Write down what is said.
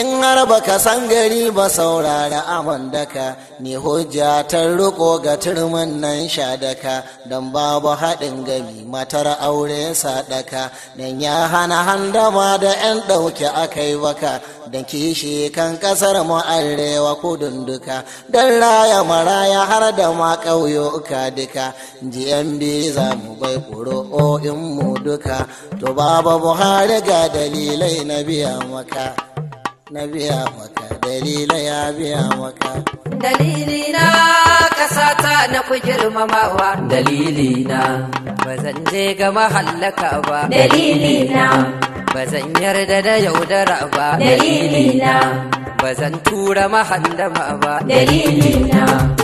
in har baka san gari ba saurara aman daka ne hujja ta riko ga turmin nan sha daka don babu haɗin gami matar aure sadaka don ya hana handama da 'yan ɗauke akai baka don kishi kan ƙasar mu arewa kudin duka don raya maraya har da ma ƙauyuka duka jiyan za mu bai ƙuro'o'in mu duka to babu buhari ga dalilai na biya maka na biya maka dalila ya biya maka dalili na kasata na ku girmamawa dalili na ba je ga mahallaka ba dalili na ba yarda da yaudara ba dalili na ba tura mahandama ba dalili na